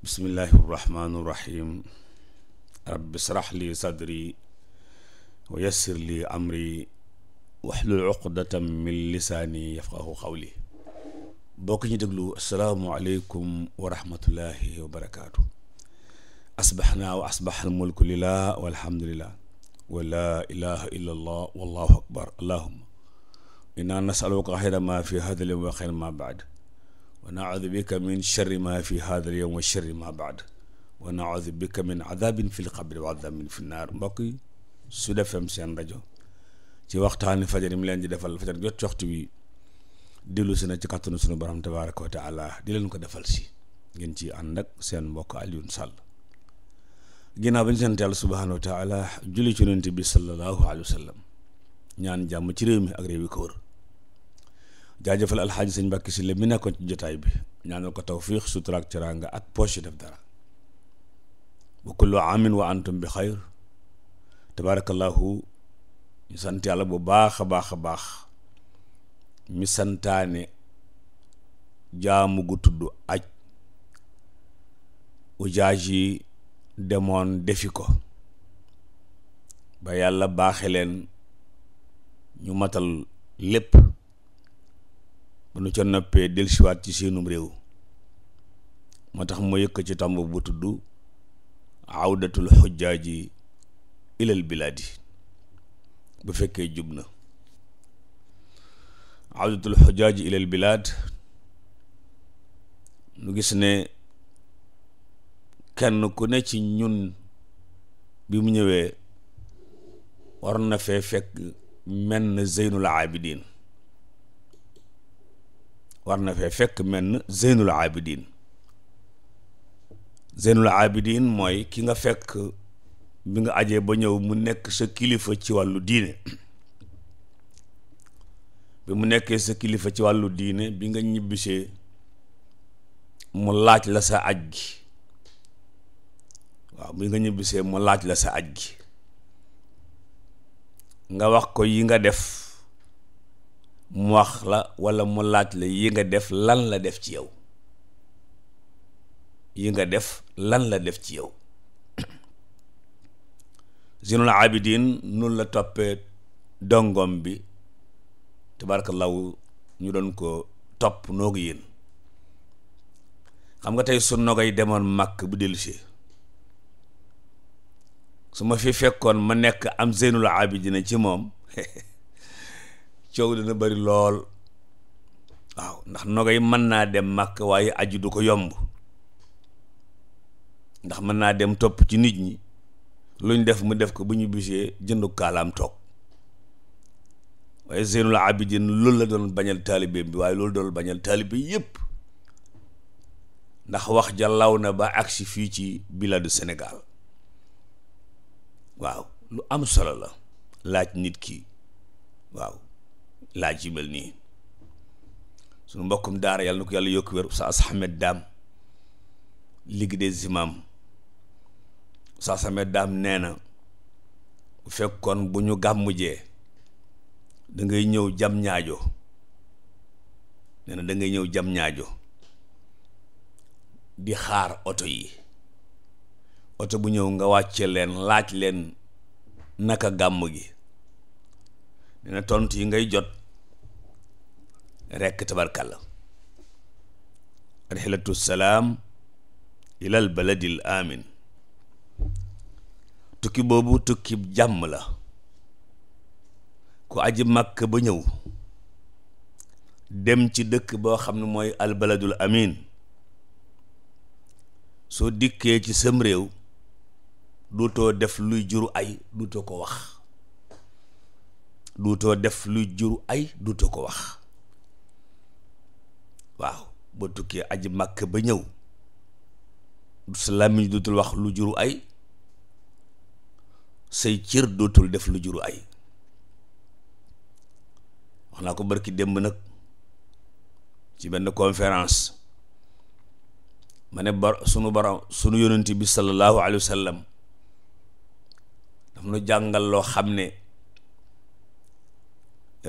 bismillahi irrahmaani irrahim rabbi israh li sadri wa yassir li amri waxlul uqdatam min lisaani yafqahu qawli bokk ñu déglu asalaamualeykum wa rahmatullahi wa barakaatu asbaxnaa wa asbax almulku lillah walhamdulillah wa laa ilaha illa allah wallahu akbar allahuma inna nasaluka xayra ma fi hada al yawm wa xayra ma baad wa naudu bika min sharri ma fi hadha al yawm wa sharri ma baad wa naudu bika min adabin fi lqabri wa adabin fi naar mbokk yi Sud FM seen rajo ci waxtaani fajar yi mu leen di defal fajar jot ci waxtu wi dellu si na ci kattanu sunu borom tabaraka wa taala di leen ko defal si ngeen ci ànd ak seen mbokk Alioune Sall ginnaaw bi ñu sant yàlla subhaanahu wa taala julli ci yonent bi sallallahu alayhi wa sallam ñaan jàmm ci réew mi ak réew yi ko wër jaajëfal alxaaji sëñ Mbàkke Sylla mu nekkoon ci jotaay bi ñaanal ko tawfiix sutura ak teraanga ak poche def dara bu kullu amin wa antum bi xayr tabaarakallaahu sant yàlla bu baax baax a baax mi santaane jaamu gu tudd aj ujaaj yi demoon defi ko ba yàlla baaxe leen ñu matal lépp bu nu ca noppee dellusiwaat ci seenum réew moo tax mu yëkk ci tàmb bu tudd awdatul xujjaaji ilal fekkee jub na awdatul xujjaaji ilal bilaad nu gis ne kenn ku ne ci ñun bi mu ñëwee war na fee fekk menn zeynul abidin war na fee fekk menn zeynul abidin zeynul abidin mooy ki nga fekk bi nga ajee ba ñëw mu nekk sa kilifa mu nekkee sa kilifa ci wàllu diine bi nga ñibbisee mu laaj la sa aj gi waaw bi nga ñibbisee mu laaj la sa aj gi nga wax ko yi nga def mu wax la walla mu laaj la yi nga def lan la def ci yow yi nga def lan la def ci yow Zinul Abidin nun la toppee dongom bi te law ñu doon ko topp noog yéen xam nga tey su nogay demoon màkk bu dellusee su ma fi fekkoon ma nekk am Zinul Abidin ci moom coow dana bari lool waaw ndax nogay mën naa dem màkk waaye aju du ko yomb ndax mën naa dem topp ci nit ñi luñ def mu def ko bu ñu bisee jëndu kaalaam toog waaye Zeynul Abidin loolu la doon bañal taalibe bi waaye loolu doon bañal taalibe yépp ndax wax ja na ba agsi fii ci biladu senegaal waaw lu am solo la laaj nit ki waaw laaj laa mel nii suñu mbokkum daara yàlla na ko yàlla yokk wér Oustaz Ahmed Dame Ligue des imams Oustaz Ahmed Dame nee na bu fekkoon bu ñu gàmmujee jee dangay ñëw jam ñaajo nee na da ngay ñëw jam ñaajo di xaar oto yi oto bu ñëw nga wàcce leen laaj leen naka gàmm gi nee tontu yi ngay jot rekk tabarkàlla rixlatu salaam ilal baladil amin tukki boobu tukki jàmm la ku aji màkk ba ñëw dem ci dëkk boo xam ne mooy albaladul amin soo dikkee ci sëm réew duutoo def luy juru ay duutoo ko wax duutoo def luy juru ay duutoo ko wax waaw ba tukkee aji màkk ba ñëw sa làmmiñ dootul wax lu juru ay say cër dootul def lu juru ay wax naa ko barki démb nag ci benn conférence ma ne bar sunu baram sunu yonent bi sallallahu alayhi wa daf nu jàngal loo xam ne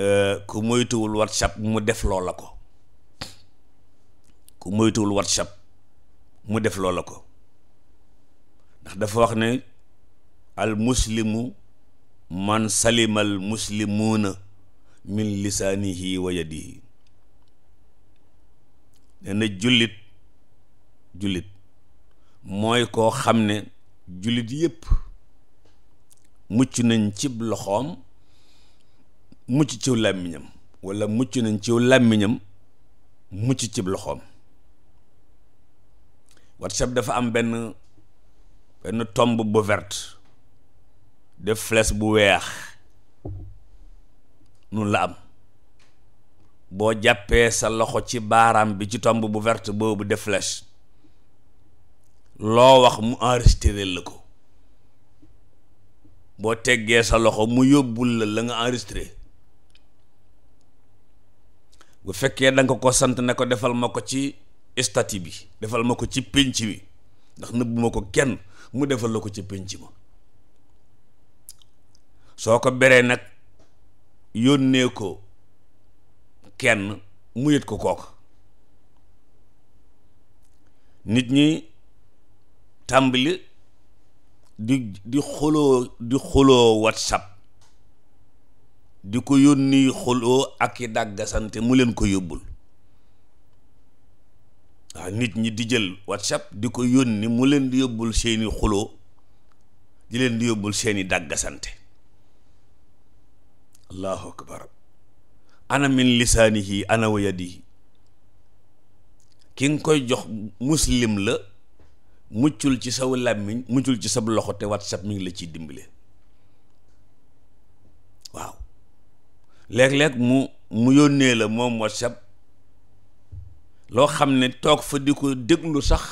euh, ku moytuwul whatsapp mu def loo la ko ku moytuwul whatsapp mu def la ko ndax dafa wax ne al muslimu man salimal muslimuuna min lisaanihi wa yadihi jullit jullit mooy koo xam ne jullit yépp mucc nañ ci loxoom mucc ciw làmmiñam walla mucc nañ ciw làmmiñam mucc cib loxoom whatsapp dafa am benn benn tomb bu verte def flèche bu weex nun la am boo jàppee sa loxo ci baaraam bi ci tomb bu verte boobu def flèche loo wax mu enregistré la ko boo teggee sa loxo mu yóbbul la la nga enregistré bu fekkee da ko sant ne ko defal ma ko ci stati bi defal ma ko ci pénc wi ndax nëbbuma ko kenn mu defal la ko ci pénc ma soo ko beree nag yónnee ko kenn mu yët ko kook nit ñi tàmbali di di xoloo di xoloo whatsapp di ko yónni xoloo ak i dàggasante mu leen ko yóbbul waaw nit ñi di jël whatsapp di ko yónni mu leen di yóbbul seeni xuloo di leen di yóbbul seeni dàggasante allahu akbar ana min lisaanihi ana wa ki nga koy jox muslim la muccul ci saw làmmiñ muccul ci sab loxo te whatsapp mi ngi la ciy dimbale waaw léeg-léeg mu mu yónnee la moom whatsapp loo xam ne toog fa di ko déglu sax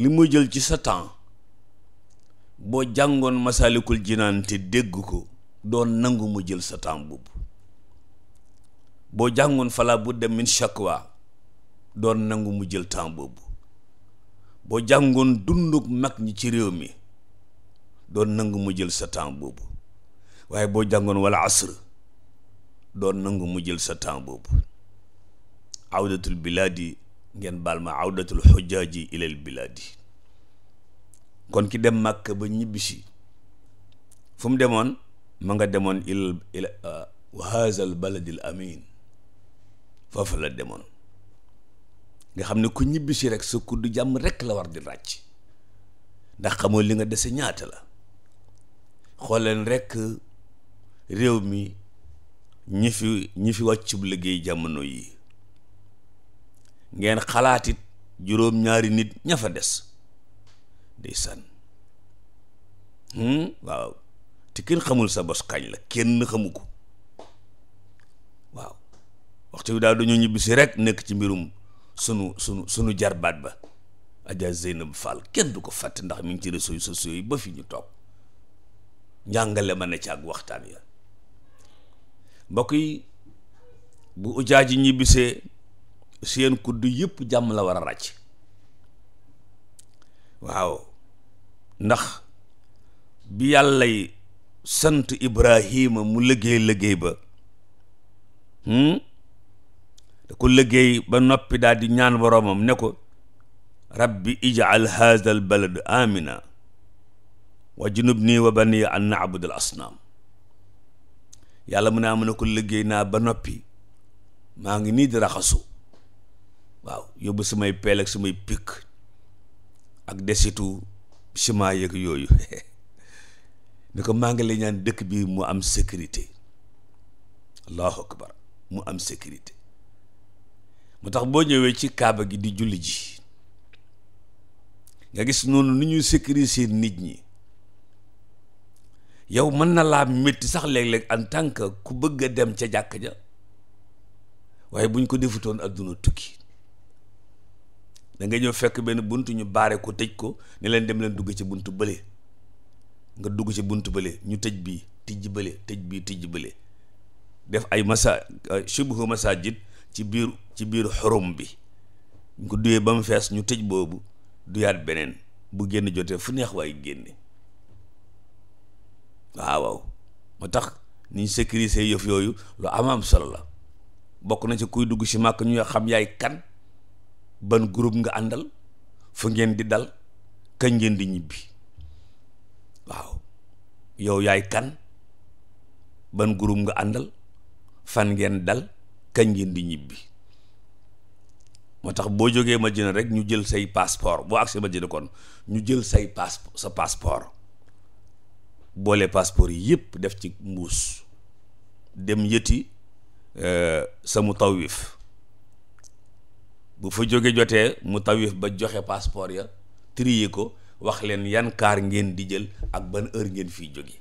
li mu jël ci sa temps boo jàngoon masalikul jinaan te dégg ko doon nangu mu jël sa temps boobu boo jàngoon fala budda min shakwa doon nangu mu jël temps boobu boo jàngoon dunduk mag ñi ci réew mi doon nangu mu jël sa temps boobu waaye boo jàngoon wala asr doon nangu mu jël sa temps boobu awdatul bilaadi ngeen baal ma awdatul xujjaaji ilal kon ki dem màkk ba ñibbisi fu demoon ma nga demoon il il uh, haazal baladil la demoon nga xam ne ku ñibbisi rek sa kuddu jàmm rekk la war di ràcc ndax xamoo li nga dese ñaata la xool rekk réew mi ñi fi ñi fi wàccub liggéey jamono yi ngeen xalaatit juróom-ñaari nit ña fa des ndeysaan hmm? waaw te kenn xamul sa bos kañ la kenn xamu ko waaw waxtu bi daal duñu ñibbisi rek nekk ci mbirum sunu sunu sunu jarbaat ba Adja Zeynab Fall kenn du ko fàtte ndax mi ngi ci réseaux sociaux yi ba fi ñu toog njàngale ma ne ci ak waxtaan ya mbokk bu ujaa ñibbisee seen kuddu yëpp jàmm la war a ràcc waaw ndax bi yàllay sant Ibrahima mu liggéey liggéey ba hmm? da ko liggéey ba noppi daal di ñaan boroomam ne ko rabbi ij'al haadha al balad amina wa junubni wa baniya an na'budal asnaam yàlla mu naa mën a ko liggéey naa ba noppi maa ngi nii di raxasu waaw yóbbu samay peel ak samay pikk ak desitu ciment yeeg yooyu ni ko maa ngi lay ñaan dëkk biir mu am sécurité allahu akbar mu am sécurité mu tax boo ñëwee ci kaaba gi di julli ji nga gis noonu ni ñuy sécuriser nit ñi yow mën na laa métti sax léeg-léeg en tant que ku bëgg a dem ca jàkk ja waaye bu ñu ko defutoon adduna tukki da nga ñëw fekk benn bunt ñu baare ko tëj ko ne leen dem leen dugg ci buntu bële nga dugg ci buntu bële ñu tëj bii tijji bële tëj bii tijji bële def ay masa shubhu masajid ci biir ci biir xorom bi ñu ko ba mu fees ñu tëj boobu duyaat beneen bu génn jotee fu neex waay génne waaw waaw moo tax ni ñu sécuriser yëf yooyu am amaam solo la bokk na ci kuy dugg ci màkk ñu xam yaay kan ban group nga àndal fu ngeen di dal kañ ngeen di ñibbi waaw yow yaay kan ban group nga àndal fan ngeen dal kañ ngeen di ñibbi moo tax boo jógee ma Madina rek ñu jël say passeport boo agsee Madina kon ñu jël say pass sa passeport boole passeport yi yëpp def ci mbuus dem yëti euh, samu taw tawwif bu fa jóge jotee mu tawif ba joxe passeport ya trier ko wax leen yan kaar ngeen di jël ak ban heure ngeen fiy jóge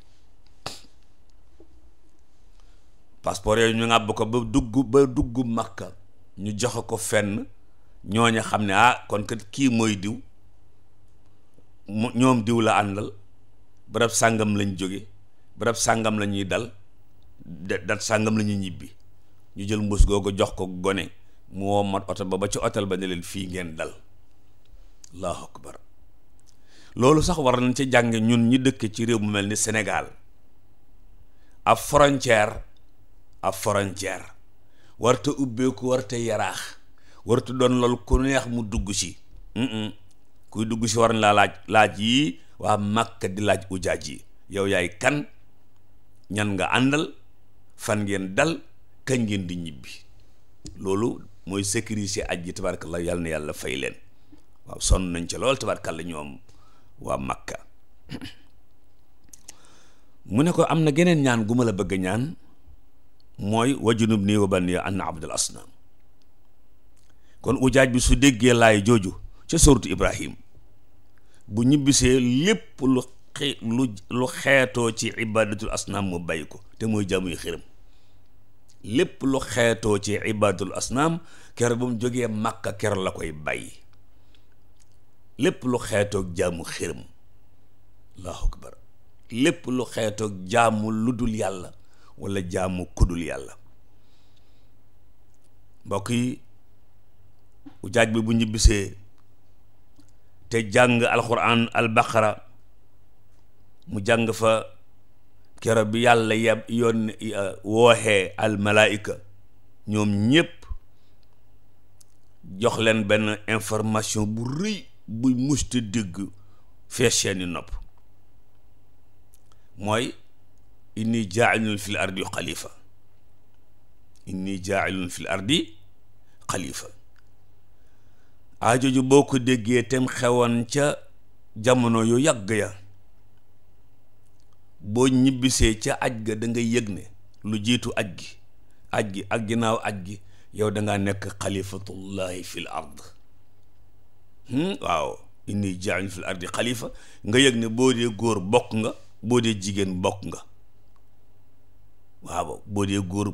passeport yooyu ñu ngàbb ko ba dugg ba dugg Makka ñu joxe ko fenn ñooña xam ne ah kon kat kii mooy diw mu ñoom diw la àndal barab sàngam lañ jóge barab sàngam la ñuy dal dat sàngam la ñuy ñibbi ñu jël mbus googu jox ko gone mu woo mat oto ba ba ci otel ba ne leen fii ngeen dal allahu akbar loolu sax war nañ ci jànge ñun ñi dëkke ci réew mu mel ni Sénégal ab frontière ab frontière warta ubbeeku warta yaraax warta doon loolu ku neex mu dugg ci kuy dugg ci war na laa laaj laaj yi waa Màkka di laaj ujaaj yi yow yaay kan ñan nga àndal fan ngeen dal kañ ngeen di ñibbi loolu mooy sécuriser aj ji tabarkalla yàlla na yàlla fay leen waaw sonn nañ ca lool tabarkalla ñoom waa Makka mu ne ko am na geneen ñaan gu ma la bëgg a ñaan mooy wajunub nii wa bani an abdul asnam kon ujaaj bi su déggee laay jooju ca sóortu ibrahim bu ñibbisee lépp lu xi lu lu xeetoo ci ibadatul asnam mu bàyyi ko te mooy jaamuy xërëm lépp lu xeetoo ci ibadul asnaam ker bu mu jógee màkka ker la koy bàyyi lépp lu xeetoog jaamu xiram allahu akbar lépp lu xeetoog jaamu ludul yàlla wala jaamu kudul yàlla mbokk yi ujaaj bi bu ñibbisee te jàng alquran albaqara mu jàng fa kero bi yàlla yeb yoon wooxee almalaayika ñoom ñépp jox leen benn information bu rëy bu musta dégg fees seeni nopp mooy inni jaailun fil ardi xalifa inni jaailun fil ardi xalifa aajoju boo ko déggee tem xewoon ca jamono yu yàgg ya boo ñibbisee ca aj ga da yëg ne lu jiitu aj gi aj gi ak ginnaaw aj gi yow da nekk xalifatullahi fil ard hmm? waaw inni jaañ fil ardi xalifa nga yëg ne boo dee góor bokk nga boo dee jigéen bokk nga waaw boo dee góor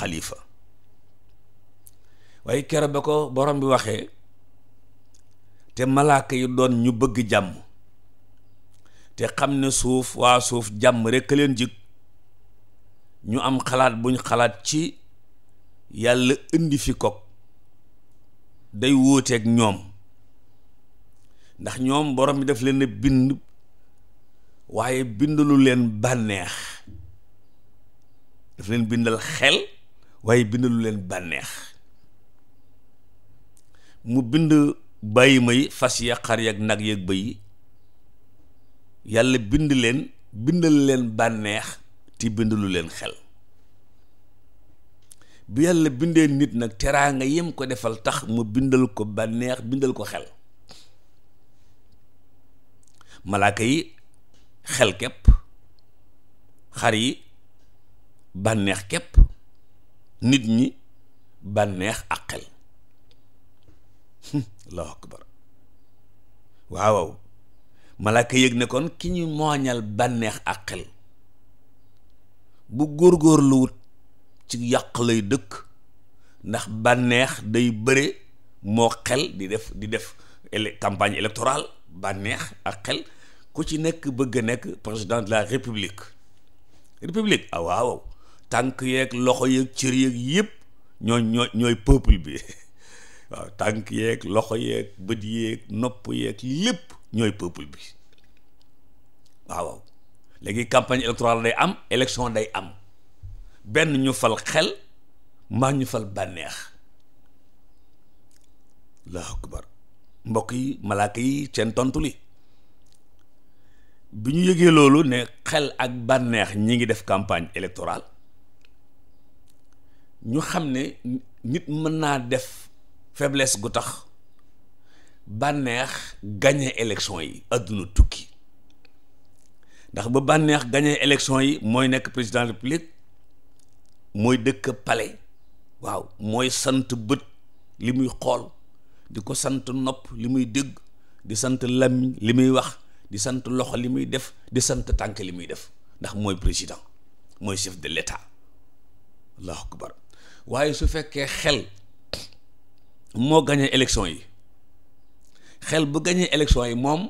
xalifa waaye kere ba ko borom bi waxee te malaaka yi doon ñu bëgg jàmm te xam ne suuf waa suuf jàmm rekk leen jig ñu am xalaat buñ xalaat ci yàlla indi fi kok day wuuteeg ñoom ndax ñoom boroom bi daf leen bind waaye bindalu leen bànneex daf leen bindal xel waaye bindalu leen bànneex mu bind bàyyi may fas ya xar ya nag ya ak bëy yàlla bind leen bindal leen bànneex te bindalu leen xel bi yàlla bindee nit nag teraanga yem ko defal tax mu bindal ko bànneex bindal ko xel malaaka yi xel képp xar yi bànneex képp nit ñi bànneex ak xel allahu akbar waaw malaaka yëg ne ki ñu mooñal bànneex ak xel bu góor góor góorgóorluwut ci yàq lay dëkk ndax bànneex day bëre moo xel di def di def campagne électorale bànneex ak xel ku ci nekk bëgg a nekk président de la république république ah waaw tànk yeeg loxo yeeg cër yeeg yëpp ñoo ñooy peuple bi waaw tànk yeeg loxo yeeg bët yeeg nopp yeeg lépp ñooy peuple bi waaw léegi campagne électorale day am élection day am benn ñu fal xel maa ñu fal bànneex allahu akbar mbokk yi malaaka yi seen tontu li bi ñu yëgee loolu ne xel ak bànneex ñi ngi def campagne électorale ñu xam ne nit mën naa def faiblesse gu tax bànneex gañe élection yi àdduna tukki ndax ba bànneex gañe élection yi mooy nekk président de la république mooy dëkk palais waaw mooy sant bët li muy xool di ko sant nopp li muy dëgg di sant làmmiñ li muy wax di sant loxo li muy def di sant tànk li muy def ndax mooy président mooy chef de l'état allahu waaye su fekkee xel moo gañee élection yi xel bu gañee élection yi moom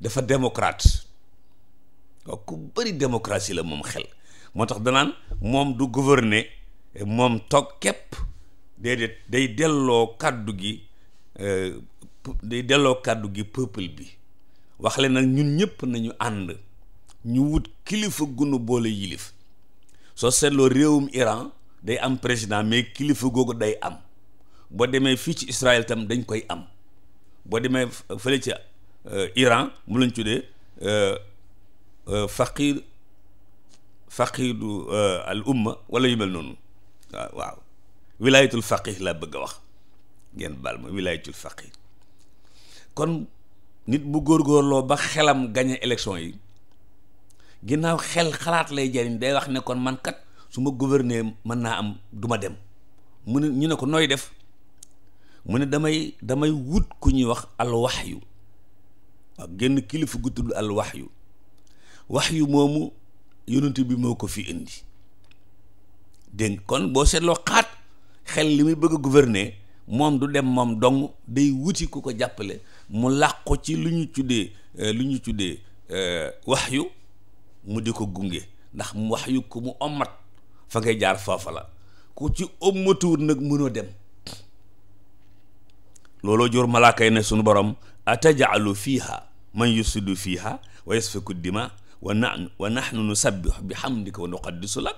dafa démocrate waaw ku bëri démocratie la moom xel moo tax danaan moom du gouverner moom toog képp déedéet day delloo kàddu gi euh, day delloo kàddu gi peuple bi wax leen nag ñun ñëpp nañu ànd ñu wut kilifa gunu boole yilif soo seetloo réewum Iran day am président mais kilifa googu day am boo demee fii ci Israël tam dañ koy am boo demee euh, fële ca euh, Iran mu lañ tuddee euh, faqir faqidu du umma wala yu mel noonu waaw waaw wilayatul faqih laa bëgg a wax ngeen baal ma wilayatul faqih kon nit bu góorloo ba xelam gañe élection yi ginnaaw xel xalaat lay jariñ day wax ne kon man kat su ma gouverner mën naa am du ma dem mu ne ñu ne ko nooy def mu ne damay damay wut ku ñuy wax wax yu waaw génn kilifa gu tudd wax yu moomu yonent bi moo ko fi indi dégg kon boo seetloo xaat xel li muy bëgg a moom du dem moom dong day wuti ku ko jàppale mu làqu ci lu ñu tuddee euh, lu ñu tuddee euh, waxyu mu di ko gunge ndax mu yu ku mu ommat fa ngay jaar foofa la ku ci ommatuwut nag mënoo dem looloo jur malaaka yi ne sunu borom atajalu fiiha man yusidu fiiha wa yasfiku dima wa nahnu nu nahnu nusabbihu bi hamdika wa nuqaddisu lak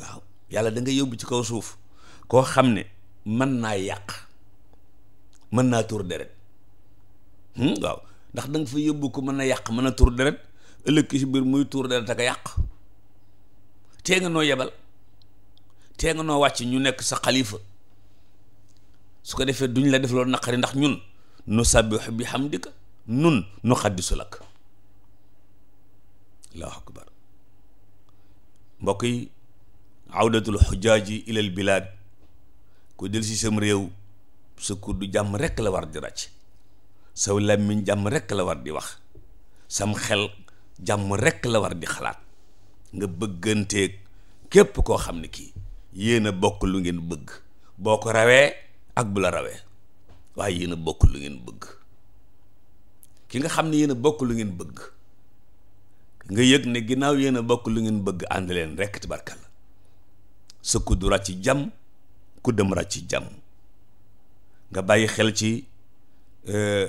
waaw yàlla danga yóbbu ci kaw suuf koo xam ne mën naa yàq mën naa tur deret hmm, waaw ndax da nga mën a yàq mën a tur deret ëllëg ci biir muy tur deret ak yàq tee nga noo yebal tee nga noo wàcc ñu nekk sa xalifa su ko defee duñ la def loolu naqari ndax ñun nu sabbixu bi hamdika nun nu xaddisu lak allahu akbar mbokk yi awdatul xujaaji ilal bilaad ku del si sam réew sa kuddu jàmm rekk la war di ràcc saw làmmiñ jàmm rekk la di wax sam xel jàmm rekk la war di xalaat nga bëgganteeg képp koo xam ne kii yéen a bokk lu ngeen bëgg boo ko rawee ak bu la rawee waaye yéen a bokk lu ngeen bëgg ki nga xam ne yéen a bokk lu ngeen bëgg nga yëg ne ginnaaw yéen a bokk lu ngeen bëgg ànd leen rekk tabarkal sa kuddu ràcc ci jàmm ku dem ràcc ci jàmm nga bàyyi xel ci eh,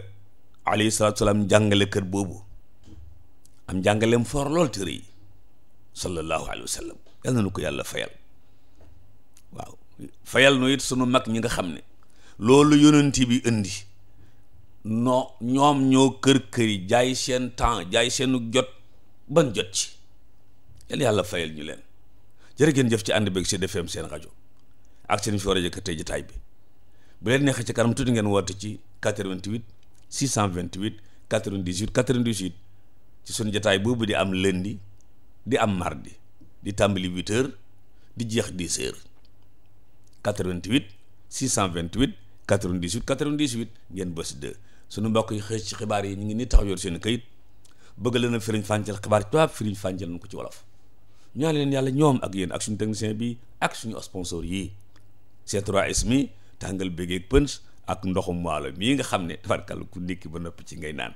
alayhi salaatu salaam jàngale kër boobu am jàngaleem for lool te rëy sallallahu alayhi wa sallam na ko yàlla fayal waaw fayal nu it sunu mag ñi nga xam ne loolu yonent bi indi non ñoom ñoo kër kër yi jaay seen temps jaay seenu jot ban jot ci yal yàlla fayal ñu leen jërë ngeen jëf ci ànd beeg Sud FM seen rajo ak seen fi war a jëkk tey jotaay bi bu leen neexee ci kanam tuuti ngeen woote ci 88 628 98 98 ci sunu jotaay boobu di am lundi di am mardi di tàmbali 8 heures di jeex 10 heures 88 628 98 98 ngeen bës 2 sunu mbokk yi xëy ci xibaar yi ñu ngi nii tax yor seen kayit bëgg leen a firiñ fàncal xibaar ci tubaab firiñ fàncal nañ ko ci wolof ñaan leen yàlla ñoom ak yéen ak suñu technicien bi ak suñu sponsor yii C3S mi tàngal bégeeg pënc ak ndoxum waalo mii nga xam ne tabarkal ku ndékki ba noppi ci ngay naan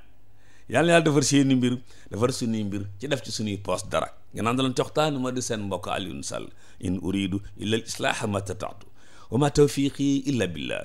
yàlla yàlla defar seeni mbir defar suñuy mbir ci def ci suñuy poste dara nga naan dalan coxtaani ma di seen mbokk Alioune Sall in uridu illa al islaaha ma tataatu wa ma tawfiqi illa billah